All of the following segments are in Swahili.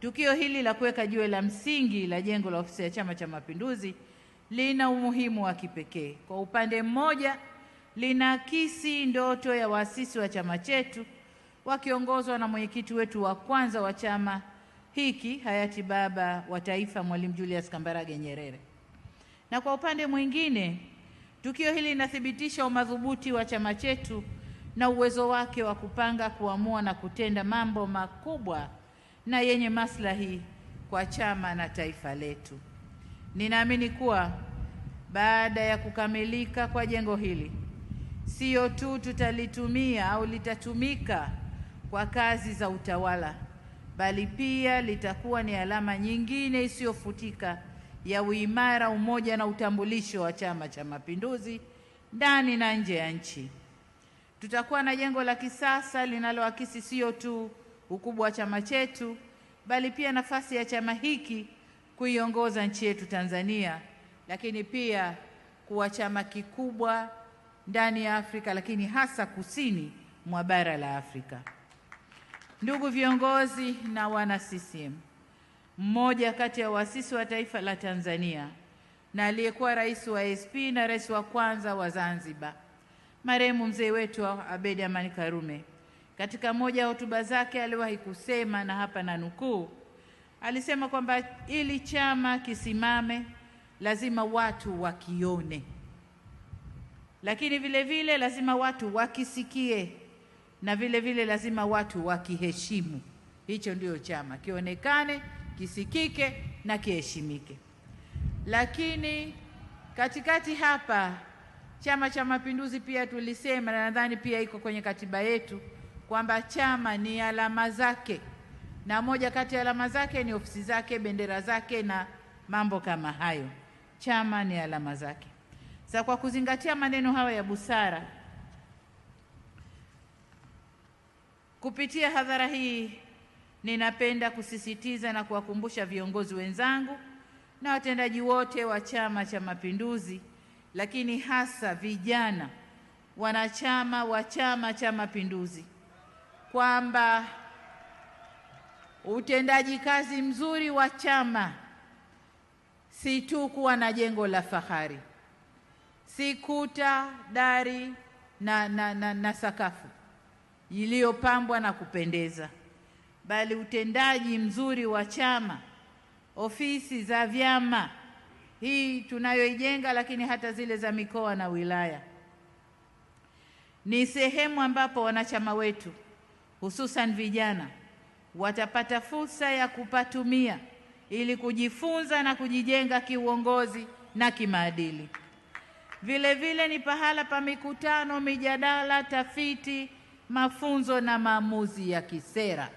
Tukio hili la kuweka jiwe la msingi la jengo la ofisi ya Chama cha Mapinduzi lina umuhimu wa kipekee. Kwa upande mmoja, linaakisi ndoto ya waasisi wa chama chetu wakiongozwa na mwenyekiti wetu wa kwanza wa chama hiki hayati Baba wa Taifa Mwalimu Julius Kambarage Nyerere, na kwa upande mwingine, tukio hili linathibitisha umadhubuti wa chama chetu na uwezo wake wa kupanga, kuamua na kutenda mambo makubwa na yenye maslahi kwa chama na taifa letu. Ninaamini kuwa baada ya kukamilika kwa jengo hili, sio tu tutalitumia au litatumika kwa kazi za utawala, bali pia litakuwa ni alama nyingine isiyofutika ya uimara, umoja na utambulisho wa Chama cha Mapinduzi ndani na nje ya nchi. Tutakuwa na jengo la kisasa linaloakisi sio tu ukubwa wa chama chetu, bali pia nafasi ya chama hiki kuiongoza nchi yetu Tanzania, lakini pia kuwa chama kikubwa ndani ya Afrika, lakini hasa kusini mwa bara la Afrika. Ndugu viongozi na wana CCM, mmoja kati ya waasisi wa taifa la Tanzania na aliyekuwa rais wa ASP na rais wa kwanza wa Zanzibar, marehemu mzee wetu Abedi Amani Karume katika moja ya hotuba zake aliwahi kusema, na hapa na nukuu, alisema kwamba ili chama kisimame lazima watu wakione, lakini vile vile lazima watu wakisikie, na vile vile lazima watu wakiheshimu. Hicho ndio chama, kionekane, kisikike na kiheshimike. Lakini katikati hapa Chama cha Mapinduzi pia tulisema, na nadhani pia iko kwenye katiba yetu kwamba chama ni alama zake, na moja kati ya alama zake ni ofisi zake, bendera zake na mambo kama hayo. Chama ni alama zake. Sasa kwa kuzingatia maneno hayo ya busara, kupitia hadhara hii ninapenda kusisitiza na kuwakumbusha viongozi wenzangu na watendaji wote wa Chama cha Mapinduzi, lakini hasa vijana wanachama wa Chama cha Mapinduzi kwamba utendaji kazi mzuri wa chama si tu kuwa na jengo la fahari, si kuta, dari na, na, na, na sakafu iliyopambwa na kupendeza, bali utendaji mzuri wa chama, ofisi za vyama hii tunayoijenga, lakini hata zile za mikoa na wilaya, ni sehemu ambapo wanachama wetu hususan vijana watapata fursa ya kupatumia ili kujifunza na kujijenga kiuongozi na kimaadili. Vile vile ni pahala pa mikutano, mijadala, tafiti, mafunzo na maamuzi ya kisera.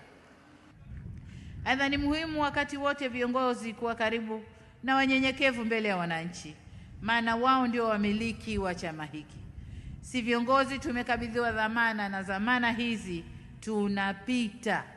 Aidha, ni muhimu wakati wote viongozi kuwa karibu na wanyenyekevu mbele ya wananchi, maana wao ndio wamiliki wa chama hiki. Si viongozi tumekabidhiwa dhamana, na dhamana hizi tunapita